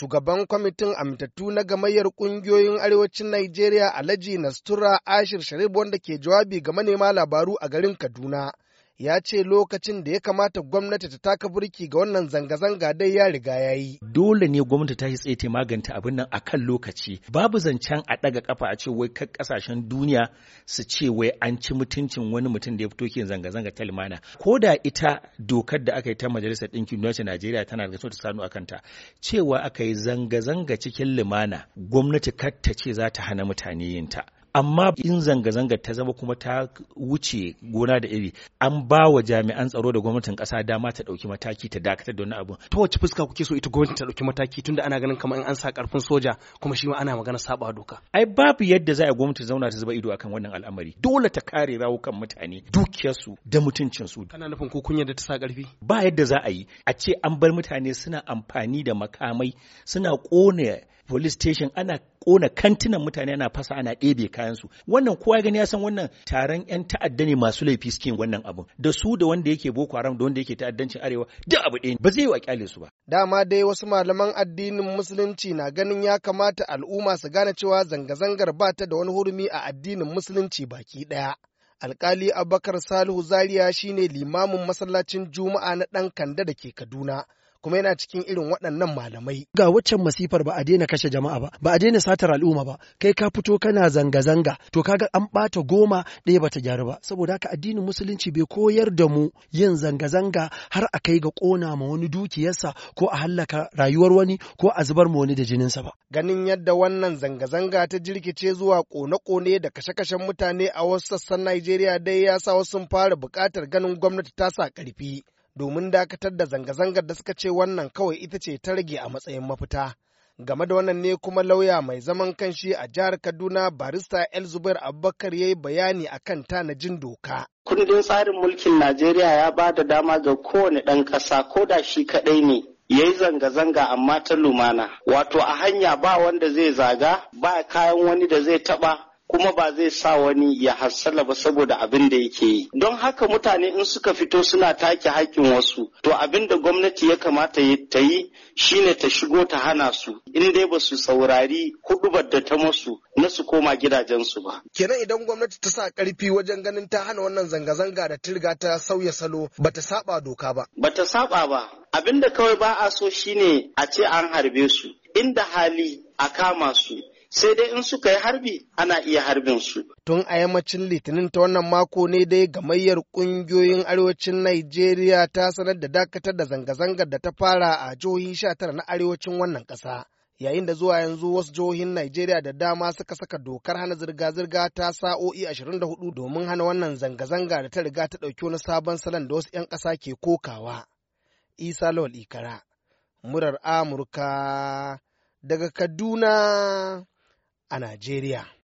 shugaban kwamitin amintattu na gamayyar ƙungiyoyin arewacin Najeriya Alhaji Nastura Ashir Sharif wanda ke jawabi ga manema labaru a garin Kaduna. ya ce lokacin da ya kamata gwamnati ta taka burki ga wannan zanga-zanga dai ya riga ya yi. Dole ne gwamnati ta yi tsaye ta maganta abin nan a kan lokaci. Babu zancen a ɗaga kafa a ce wai kan ƙasashen duniya su ce wai an ci mutuncin wani mutum da ya fito ke zanga-zanga ta limana. Ko da ita dokar da aka yi ta Majalisar Ɗinkin Duniya Najeriya tana da ta sanu a kanta, Cewa aka yi zanga-zanga cikin limana gwamnati kar ta ce za ta hana mutane yin ta. amma in zanga-zanga ta zama kuma ta wuce gona da iri an ba wa jami'an tsaro da gwamnatin kasa dama ta dauki mataki ta dakatar da wani abu ta wace fuska kuke so ita gwamnati ta ɗauki mataki tunda ana ganin kamar in an sa karfin soja kuma shi ma ana magana saba doka ai babu yadda za a gwamnati zauna ta zuba ido akan wannan al'amari dole ta kare rawukan mutane dukiyarsu da mutuncinsu kana nufin ko kun yadda ta sa karfi ba yadda za a yi a ce an bar mutane suna amfani da makamai suna kone police station ana kona kantinan mutane ana fasa ana ɗebe kayansu wannan kowa ya gani ya san wannan taron yan ta'adda ne masu laifi suke wannan abun da su da wanda yake boko haram da wanda yake ta'addancin arewa duk abu ɗaya ba zai yi wa kyale su ba dama dai wasu malaman addinin musulunci na ganin ya kamata al'umma su gane cewa zanga-zangar ba ta da wani hurumi a addinin musulunci baki ɗaya alkali abubakar salihu zaria shine limamin masallacin juma'a na ɗan kanda da ke kaduna kuma yana cikin irin waɗannan malamai ga waccan masifar ba a daina kashe jama'a ba ba a daina satar al'umma ba kai ka fito kana zanga zanga to kaga an ɓata goma ɗaya bata gyaru ba saboda haka addinin musulunci bai koyar da mu yin zanga zanga har a kai ga ƙona ma wani dukiyarsa ko a hallaka rayuwar wani ko a zubar ma wani da jininsa ba ganin yadda wannan zanga zanga ta jirkice zuwa ƙone-ƙone da kashe kashen mutane a wasu sassan Najeriya dai ya sa wasu fara buƙatar ganin gwamnati ta sa ƙarfi domin dakatar da zanga-zangar da suka ce wannan kawai ita ce ta rage a matsayin mafita. Game da wannan ne kuma lauya mai zaman kanshi a jihar Kaduna barista Elzubair Abubakar ya yi bayani a kan tanajin doka. Kundin tsarin mulkin Najeriya ya ba da dama ga kowane ɗan ƙasa ko da shi kaɗai ne ya yi zanga-zanga amma ta lumana. Wato a hanya ba wanda zai zaga, ba kayan wani da zai taɓa, kuma ba zai sa wani ya hassala ba saboda abin da yake yi don haka mutane in suka fito suna take haƙƙin wasu to abin da gwamnati ya kamata ta yi shine ta shigo ta hana su in dai ba su saurari hudubar da ta masu na su koma gidajensu ba kenan idan gwamnati ta sa karfi wajen ganin ta hana wannan zanga-zanga da tirga ta sauya salo bata saba doka ba bata saba ba abin da kawai ba a so shine a ce an harbe su inda hali a kama su sai dai in suka yi harbi ana iya harbin su. Tun a yammacin litinin ta wannan mako ne dai gamayyar ƙungiyoyin arewacin Najeriya ta sanar da dakatar da zanga-zangar da ta fara a jihohi sha tara na arewacin wannan ƙasa. Yayin da zuwa yanzu wasu jihohin Najeriya da dama suka saka dokar hana zirga-zirga ta sa'o'i ashirin 24 domin hana wannan zanga-zanga da ta riga ta ɗauki wani sabon salon da wasu 'yan ƙasa ke kokawa. Isa Lawal Ikara, murar Amurka daga Kaduna. a Najeriya.